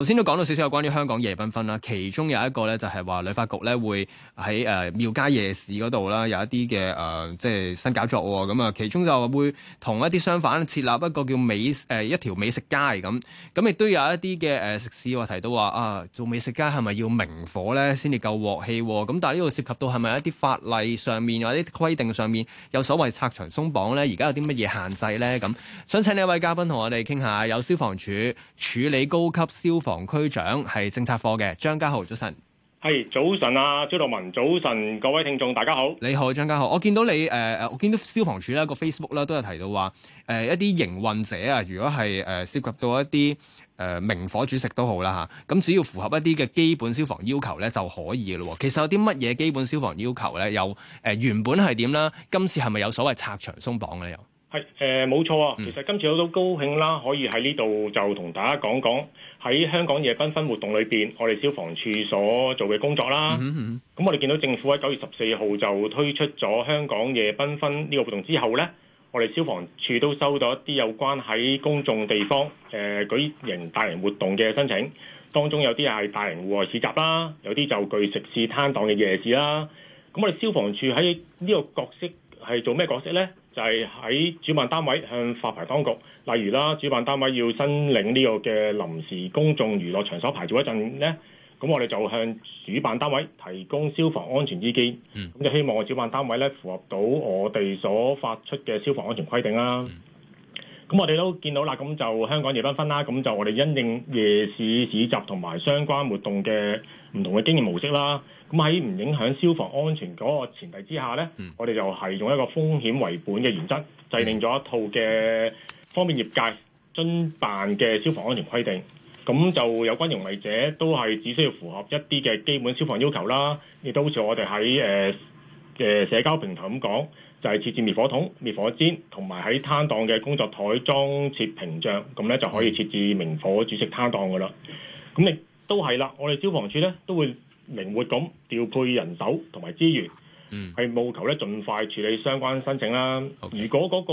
頭先都講到少少有關於香港夜繽紛啦，其中有一個咧就係話旅發局咧會喺誒廟街夜市嗰度啦，有一啲嘅誒即係新搞作喎，咁啊，其中就會同一啲商販設立一個叫美誒、呃、一條美食街咁，咁亦都有一啲嘅誒食肆話提到話啊做美食街係咪要明火咧先至夠鑊氣？咁但係呢度涉及到係咪一啲法例上面或者規定上面有所謂拆牆鬆綁咧？而家有啲乜嘢限制咧？咁想請呢一位嘉賓同我哋傾下，有消防處署理高級消防。房區長係政策課嘅張家浩，早晨，係早晨啊，朱道文，早晨，各位聽眾，大家好，你好，張家浩，我見到你誒，呃、我見到消防處咧個 Facebook 咧都有提到話，誒、呃、一啲營運者啊，如果係誒、呃、涉及到一啲誒、呃、明火煮食都好啦吓，咁、啊、只要符合一啲嘅基本消防要求咧就可以噶咯。其實有啲乜嘢基本消防要求咧？有誒、呃、原本係點啦？今次係咪有所謂拆牆鬆綁咧？又？係誒，冇、呃、錯啊！其實今次我都高興啦，可以喺呢度就同大家講講喺香港夜繽紛活動裏邊，我哋消防處所做嘅工作啦。咁、嗯嗯、我哋見到政府喺九月十四號就推出咗香港夜繽紛呢個活動之後呢，我哋消防處都收到一啲有關喺公眾地方誒、呃、舉行大型活動嘅申請，當中有啲係大型戶外市集啦，有啲就係食肆攤檔嘅夜市啦。咁我哋消防處喺呢個角色係做咩角色呢？係喺主辦單位向發牌當局，例如啦，主辦單位要申領呢個嘅臨時公眾娛樂場所牌照一陣呢。咁我哋就向主辦單位提供消防安全意見，咁就希望我主辦單位咧符合到我哋所發出嘅消防安全規定啦。咁我哋都見到啦，咁就香港夜繽紛啦，咁就我哋因應夜市市集同埋相關活動嘅唔同嘅經營模式啦。咁喺唔影響消防安全嗰個前提之下呢，我哋就係用一個風險為本嘅原則，制定咗一套嘅方便業界遵辦嘅消防安全規定。咁就有關營業者都係只需要符合一啲嘅基本消防要求啦。亦都好似我哋喺誒嘅社交平台咁講。就係、是、設置滅火筒、滅火氈，同埋喺攤檔嘅工作台裝設屏障，咁咧就可以設置明火煮食攤檔噶啦。咁亦都係啦，我哋消防處咧都會靈活咁調配人手同埋資源，嗯，係務求咧盡快處理相關申請啦。Okay. 如果嗰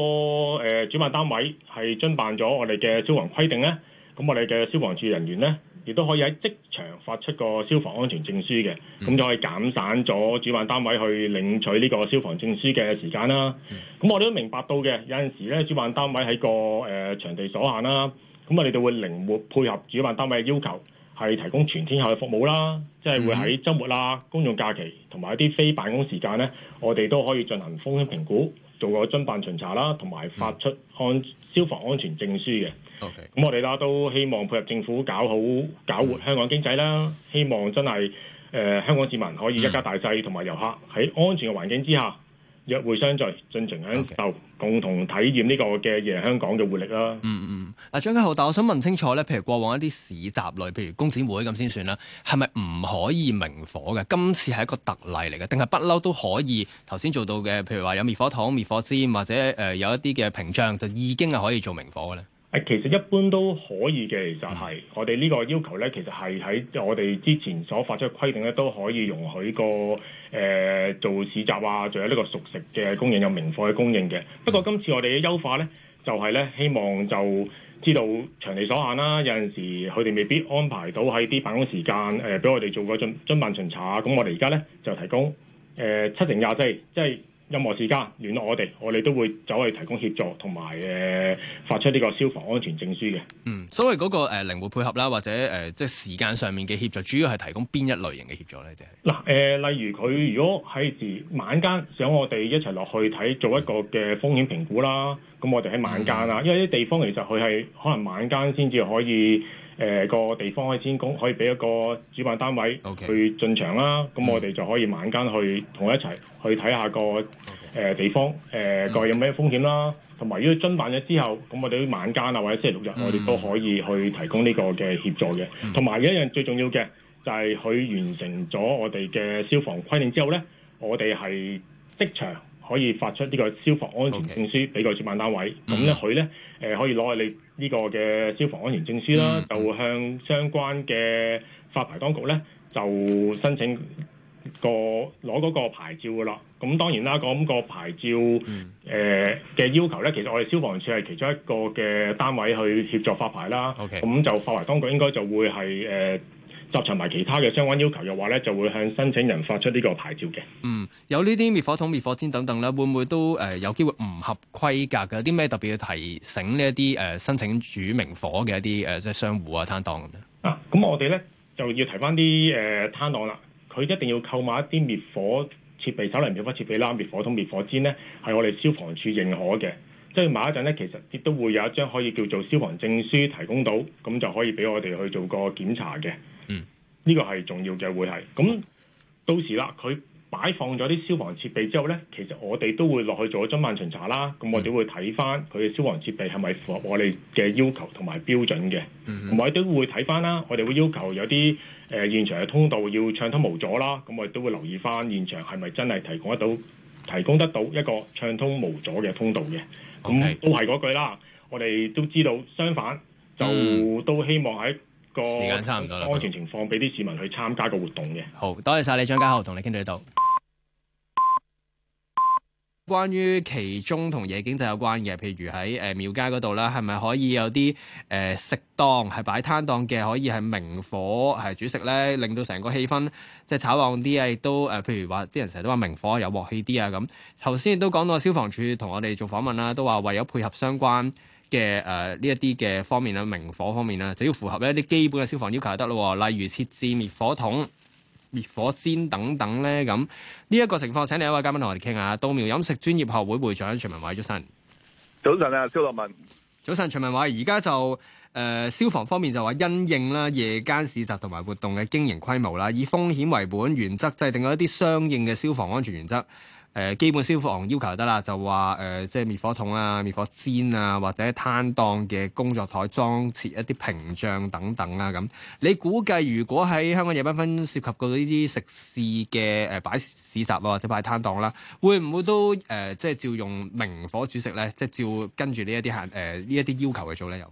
個誒主辦單位係遵辦咗我哋嘅消防規定咧，咁我哋嘅消防處人員咧，亦都可以喺即場發出個消防安全證書嘅，咁就可以減省咗主辦單位去領取呢個消防證書嘅時間啦。咁我哋都明白到嘅，有陣時咧，主辦單位喺個誒、呃、場地所限啦，咁我哋哋會靈活配合主辦單位嘅要求，係提供全天候嘅服務啦。即係會喺周末啦、啊、公眾假期同埋一啲非辦公時間咧，我哋都可以進行風險評估，做一個遵辦巡查啦，同埋發出按、嗯、消防安全證書嘅。咁、okay. 我哋啦，都希望配合政府搞好搞活香港經濟啦。希望真係、呃、香港市民可以一家大細同埋遊客喺安全嘅環境之下約會相聚，盡情享受，okay. 共同體驗呢個嘅夜香港嘅活力啦。嗯嗯，啊張家浩，但我想問清楚咧，譬如過往一啲市集類，譬如工展會咁先算啦，係咪唔可以明火嘅？今次係一個特例嚟嘅，定係不嬲都可以頭先做到嘅？譬如話有滅火筒、滅火氈或者呃有一啲嘅屏障，就已經係可以做明火嘅咧？其實一般都可以嘅，就係、是、我哋呢個要求咧，其實係喺我哋之前所發出嘅規定咧，都可以容許個誒、呃、做市集啊，仲有呢個熟食嘅供應有明火嘅供應嘅。不過今次我哋嘅優化咧，就係、是、咧希望就知道場地所限啦、啊，有陣時佢哋未必安排到喺啲辦公時間誒，俾、呃、我哋做個進進辦巡查啊。咁我哋而家咧就提供誒七、呃、成廿四，即係。任何時間聯絡我哋，我哋都會走去提供協助同埋誒發出呢個消防安全證書嘅。嗯，所謂嗰、那個誒、呃、靈活配合啦，或者、呃、即係時間上面嘅協助，主要係提供邊一類型嘅協助咧？就、呃、嗱、呃、例如佢如果喺晚間想我哋一齊落去睇做一個嘅風險評估啦，咁我哋喺晚間啦，嗯、因為啲地方其實佢係可能晚間先至可以。誒、呃、個地方可以先供，可以俾一個主辦單位去進場啦。咁、okay. 啊、我哋就可以晚間去同一齊去睇下個、呃、地方，誒、呃 okay. 個有咩風險啦。同埋如果遵辦咗之後，咁我哋晚間啊或者星期六日，mm -hmm. 我哋都可以去提供呢個嘅協助嘅。同、mm、埋 -hmm. 一樣最重要嘅，就係、是、佢完成咗我哋嘅消防規定之後呢，我哋係即場。可以發出呢個消防安全證書俾個主辦單位，咁咧佢咧，可以攞你呢個嘅消防安全證書啦，mm -hmm. 就向相關嘅發牌當局咧就申請攞嗰個牌照噶啦。咁當然啦，咁、嗰個牌照誒嘅、mm -hmm. 呃、要求咧，其實我哋消防處係其中一個嘅單位去協助發牌啦。咁、okay. 就發牌當局應該就會係集齊埋其他嘅相關要求嘅話咧就會向申請人發出呢個牌照嘅。嗯，有呢啲滅火筒、滅火氈等等啦，會唔會都誒有機會唔合規格嘅？有啲咩特別要提醒呢一啲誒申請煮明火嘅一啲誒即係商戶啊攤檔咁咧？啊，咁我哋咧就要提翻啲誒攤檔啦。佢一定要購買一啲滅火設備，手提滅火設備啦，滅火筒、滅火氈咧係我哋消防處認可嘅。即係買一陣咧，其實亦都會有一張可以叫做消防證書提供到，咁就可以俾我哋去做個檢查嘅。呢個係重要嘅，會係咁到時啦。佢擺放咗啲消防設備之後呢，其實我哋都會落去做咗周密巡查啦。咁我哋會睇翻佢嘅消防設備係咪符合我哋嘅要求同埋標準嘅，同埋、mm-hmm. 都會睇翻啦。我哋會要求有啲誒、呃、現場嘅通道要暢通無阻啦。咁我哋都會留意翻現場係咪真係提供得到提供得到一個暢通無阻嘅通道嘅。咁、okay. 都係嗰句啦。我哋都知道，相反就、mm-hmm. 都希望喺。時間差唔多啦，安全情況俾啲市民去參加個活動嘅。好，多謝晒，你張家浩，同你傾到呢度。關於其中同夜經濟有關嘅，譬如喺誒廟街嗰度啦，係咪可以有啲誒食檔係擺攤檔嘅，可以係明火係煮食咧，令到成個氣氛即係炒旺啲啊？亦都誒，譬如話啲人成日都話明火有鑊氣啲啊咁。頭先都講到消防處同我哋做訪問啦，都話為咗配合相關。嘅誒呢一啲嘅方面啦，明火方面啦，只要符合咧啲基本嘅消防要求就得咯，例如設置滅火筒、滅火氈等等咧，咁呢一個情況請另一位嘉賓同我哋傾下，稻苗飲食專業學會會長徐汶緯先生。早晨啊，肖立文。早晨，徐汶緯，而家就誒、呃、消防方面就話因應啦，夜間市集同埋活動嘅經營規模啦，以風險為本原則制定咗一啲相應嘅消防安全原則。誒基本消防要求就得啦，就話誒、呃，即係滅火筒啊、滅火氈啊，或者攤檔嘅工作台裝設一啲屏障等等啦、啊。咁你估計如果喺香港夜繽紛涉及過呢啲食肆嘅誒擺市集啊或者擺攤檔啦，會唔會都誒、呃、即係照用明火煮食咧？即係照跟住呢一啲限誒呢一啲要求去做咧？又、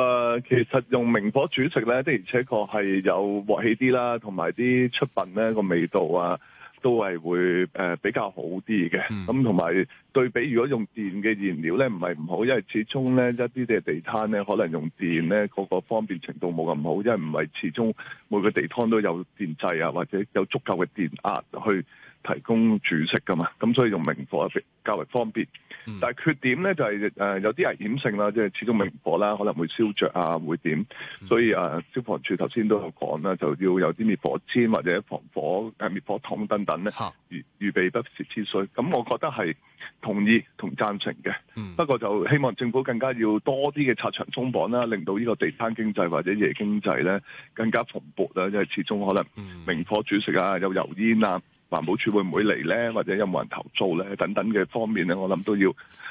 呃、誒，其實用明火煮食咧，的而且確係有鑊氣啲啦，同埋啲出品咧個味道啊。都係會誒比較好啲嘅，咁同埋對比如果用電嘅燃料咧，唔係唔好，因為始終咧一啲嘅地攤咧，可能用電咧嗰個方便程度冇咁好，因為唔係始終每個地攤都有電掣啊，或者有足夠嘅電壓去。提供煮食噶嘛，咁所以用明火啊，比較為方便。嗯、但係缺點咧就係、是、誒、呃、有啲危險性啦，即係始終明火啦，可能會燒着啊，會點、嗯。所以、啊、消防處頭先都有講啦，就要有啲滅火氈或者防火誒滅、啊、火筒等等咧，預預備不時之需。咁我覺得係同意同贊成嘅、嗯。不過就希望政府更加要多啲嘅拆牆鬆綁啦，令到呢個地攤經濟或者夜經濟咧更加蓬勃啦。因為始終可能明火煮食啊，有油煙啊。環保署會唔會嚟咧？或者有冇人投訴咧？等等嘅方面咧，我諗都要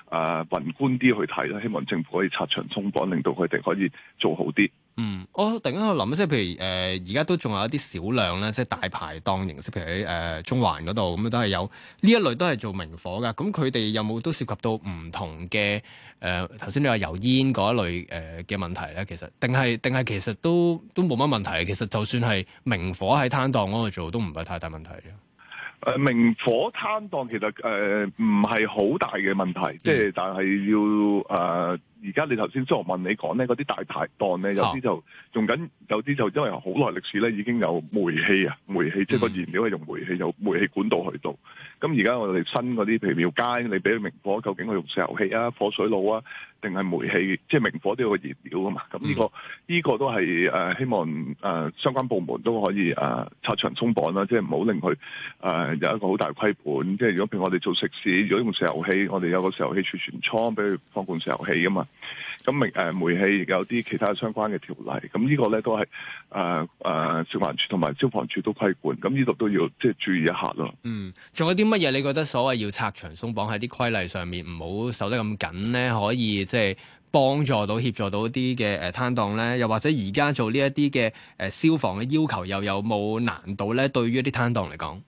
啊、呃、宏觀啲去睇啦。希望政府可以拆牆鬆綁，令到佢哋可以做好啲。嗯，我突然間我諗咧，即係譬如誒，而家都仲有一啲少量咧，即係大排檔形式，譬如喺誒、呃呃、中環嗰度，咁、嗯、都係有呢一類都係做明火㗎。咁佢哋有冇都涉及到唔同嘅誒？頭、呃、先你話油煙嗰一類誒嘅、呃、問題咧，其實定係定係其實都都冇乜問題。其實就算係明火喺攤檔嗰度做，都唔係太大問題。誒明火攤檔其實誒唔係好大嘅問題，即、嗯、係但係要誒。呃而家你頭先張學問你講咧，嗰啲大排檔咧，有啲就用緊，oh. 有啲就因為好耐歷史咧，已經有煤氣啊，煤氣即係個燃料係用煤氣，有煤氣管道去到。咁而家我哋新嗰啲譬如廟街，你俾佢明火，究竟佢用石油氣啊、火水爐啊，定係煤氣？即係明火都有個燃料㗎嘛。咁、mm. 呢、這個呢、這個都係誒、呃、希望誒、呃、相關部門都可以誒拆牆鬆綁啦，即係唔好令佢誒有一個好大虧本。即係如果譬如我哋做食肆，如果用石油氣，我哋有個石油氣儲存倉俾佢放罐石油氣噶嘛。咁煤誒，煤氣亦有啲其他相關嘅條例，咁呢個咧都係誒誒，消防處同埋消防處都規管，咁呢度都要即係、就是、注意一下咯。嗯，仲有啲乜嘢你覺得所謂要拆牆鬆綁喺啲規例上面唔好守得咁緊咧，可以即係幫助到協助到啲嘅誒攤檔咧？又或者而家做呢一啲嘅誒消防嘅要求又有冇難度咧？對於啲攤檔嚟講？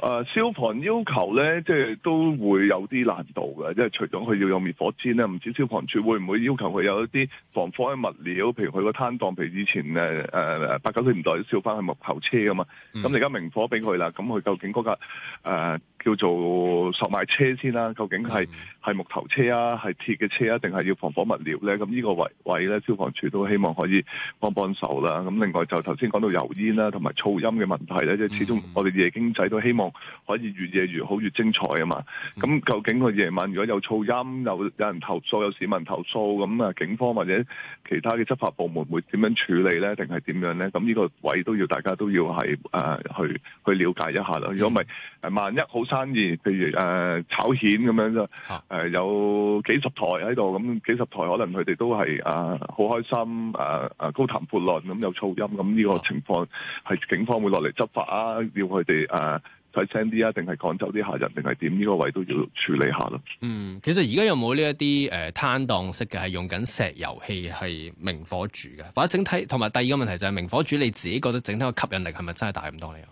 誒、呃、消防要求咧，即係都會有啲難度嘅，即係除咗佢要用滅火劑咧，唔知消防處會唔會要求佢有一啲防火嘅物料，譬如佢個攤檔，譬如以前誒、呃、八九十年代都燒翻去木頭車㗎嘛，咁你而家明火俾佢啦，咁佢究竟嗰架誒、呃叫做售賣車先啦，究竟係係木頭車啊，係鐵嘅車啊，定係要防火物料咧？咁呢個位位咧，消防處都希望可以幫幫手啦。咁另外就頭先講到油煙啦、啊，同埋噪音嘅問題咧，即、就、係、是、始終我哋夜經濟都希望可以越夜越好越精彩啊嘛。咁究竟個夜晚如果有噪音，有有人投訴，有市民投訴，咁啊警方或者其他嘅執法部門會點樣處理咧？定係點樣咧？咁呢個位都要大家都要係誒、呃、去去了解一下啦。如果唔係誒，萬一好～生意譬如誒、呃、炒蜆咁樣啫，誒、呃啊呃、有幾十台喺度，咁幾十台可能佢哋都係啊好開心，誒、呃、誒高談闊論咁有噪音，咁呢個情況係、啊、警方會落嚟執法啊，要佢哋誒細聲啲啊，定係趕走啲客人，定係點？呢、呢個位都要處理下咯。嗯，其實而家有冇呢一啲誒攤檔式嘅係用緊石油氣，係明火煮嘅？或者整體同埋第二個問題就係、係、明火煮你自己覺得整體個吸引力係咪真係大咁多咧？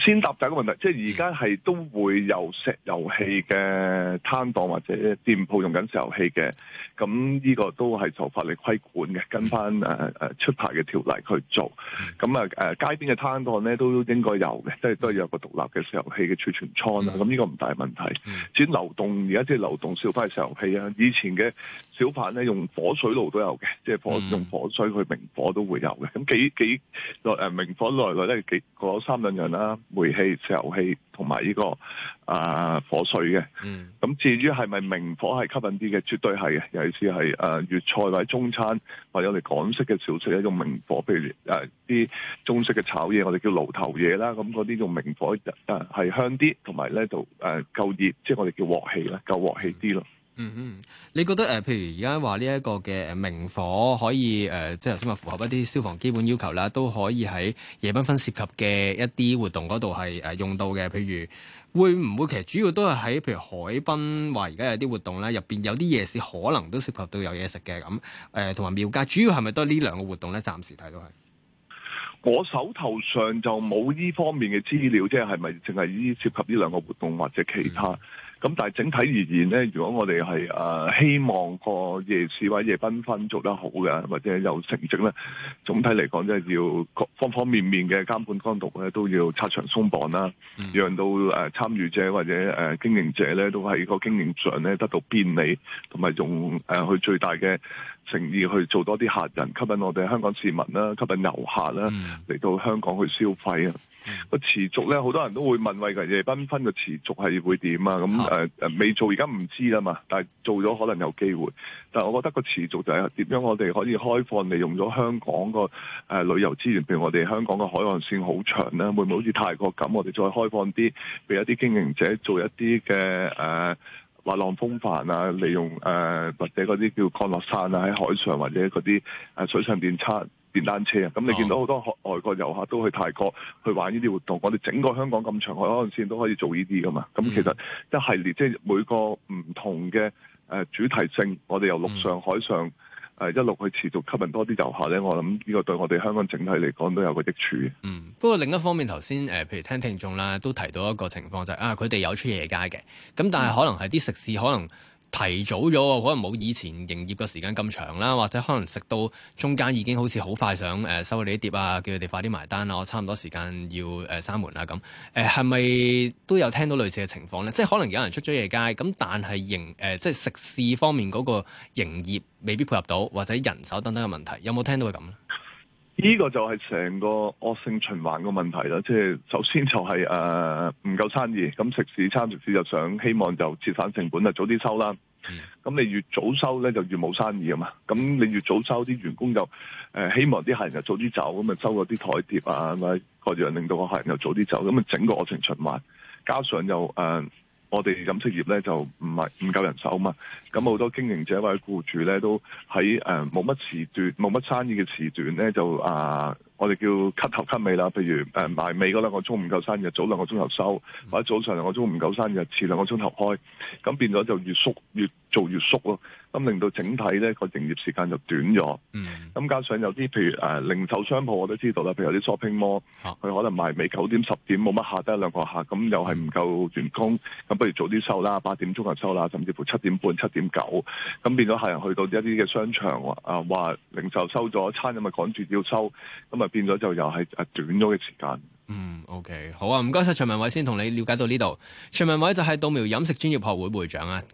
先答第一個問題，即係而家係都會有石油氣嘅攤檔或者店鋪用緊石油氣嘅，咁呢個都係受法例規管嘅，跟翻出牌嘅條例去做。咁啊街邊嘅攤檔咧都應該有嘅，即係都係有個獨立嘅石油氣嘅儲存倉啊。咁呢個唔大問題。至於流動，而家即係流動燒返石油氣啊。以前嘅小販咧用火水爐都有嘅，即係用火水去明火都會有嘅。咁幾幾內、呃、明火內內咧幾過三兩樣啦。煤氣、石油氣同埋呢個啊火水嘅，咁、mm. 至於係咪明火係吸引啲嘅？絕對係嘅。尤其是係誒、呃、粵菜或者中餐或者我哋港式嘅小食，一種明火，譬如誒啲、呃、中式嘅炒嘢，我哋叫爐頭嘢啦，咁嗰啲用明火誒係、呃、香啲，同埋咧就誒夠熱，即、就、係、是、我哋叫鑊氣啦，夠鑊氣啲咯。Mm. 嗯嗯，你覺得誒、呃，譬如而家話呢一個嘅明火可以誒、呃，即係頭先話符合一啲消防基本要求啦，都可以喺夜繽紛涉及嘅一啲活動嗰度係誒用到嘅。譬如會唔會其實主要都係喺譬如海濱話而家有啲活動啦，入邊有啲夜市可能都涉及到有嘢食嘅咁誒，同埋廟街主要係咪都係呢兩個活動咧？暫時睇到係我手頭上就冇呢方面嘅資料，即係係咪淨係呢涉及呢兩個活動或者其他？嗯咁但係整體而言咧，如果我哋係希望個夜市或者夜繽紛做得好嘅，或者有成績咧，總體嚟講即係要方方面面嘅監管監督咧，都要拆牆鬆綁啦，讓到參與者或者經營者咧，都喺個經營上咧得到便利，同埋用誒佢最大嘅誠意去做多啲客人，吸引我哋香港市民啦，吸引遊客啦嚟到香港去消費啊！個持續咧，好多人都會問，為何夜繽紛個持續係會點啊？咁、呃、未做而家唔知啦嘛，但係做咗可能有機會。但我覺得個持續就係點樣，我哋可以開放利用咗香港個、呃、旅遊資源，譬如我哋香港個海岸線好長啦，會唔會好似泰國咁，我哋再開放啲俾一啲經營者做一啲嘅誒滑浪風帆啊，利用誒、呃、或者嗰啲叫降落傘啊喺海上或者嗰啲、呃、水上電梯。電單車啊！咁你見到好多外國遊客都去泰國去玩呢啲活動，我哋整個香港咁長海岸線都可以做呢啲㗎嘛？咁其實一系列即係、就是、每個唔同嘅主題性，我哋由陸上海上一路去持續吸引多啲遊客咧，我諗呢個對我哋香港整體嚟講都有個益處。嗯，不過另一方面頭先譬如聽聽眾啦，都提到一個情況就係、是、啊，佢哋有出夜街嘅，咁但係可能係啲食肆可能。提早咗可能冇以前營業嘅時間咁長啦，或者可能食到中間已經好似好快想收你啲碟啊，叫佢哋快啲埋單啊，我差唔多時間要誒閂門啦咁。呃、係咪都有聽到類似嘅情況呢？即係可能有人出咗夜街，咁但係營、呃、即係食肆方面嗰個營業未必配合到，或者人手等等嘅問題，有冇聽到佢咁呢？呢、這個就係成個惡性循環嘅問題啦，即係首先就係誒唔夠生意，咁食肆餐食肆就想希望就節省成本就早啲收啦。咁你越早收咧，就越冇生意啊嘛。咁你越早收，啲員工就、呃、希望啲客人就早啲走，咁咪收嗰啲枱碟啊，咁、那、咪個樣令到個客人又早啲走，咁咪整個惡性循環，加上又誒。呃我哋飲食業咧就唔係唔夠人手吖嘛，咁好多經營者或者僱主咧都喺冇乜時段，冇乜生意嘅時段咧就啊～、呃我哋叫 cut 頭 cut 尾啦，譬如誒賣尾嗰兩個鐘唔夠生意，早兩個鐘頭收、嗯；或者早上兩個鐘唔夠生意，遲兩個鐘頭開。咁變咗就越縮越做越縮咯。咁令到整體咧個營業時間就短咗。嗯。咁加上有啲譬如誒、呃、零售商鋪，我都知道啦，譬如有啲 shopping mall，佢、啊、可能賣尾九點十點冇乜客，得一兩個客，咁又係唔夠員工，咁、嗯、不如早啲收啦，八點鐘就收啦，甚至乎七點半、七點九，咁變咗客人去到一啲嘅商場啊，話、呃、零售收咗，餐飲咪趕住要收，咁變咗就又係啊短咗嘅時間。嗯，OK，好啊，唔該晒徐汶緯，先同你了解到呢度。徐汶緯就係稻苗飲食專業學會會長啊。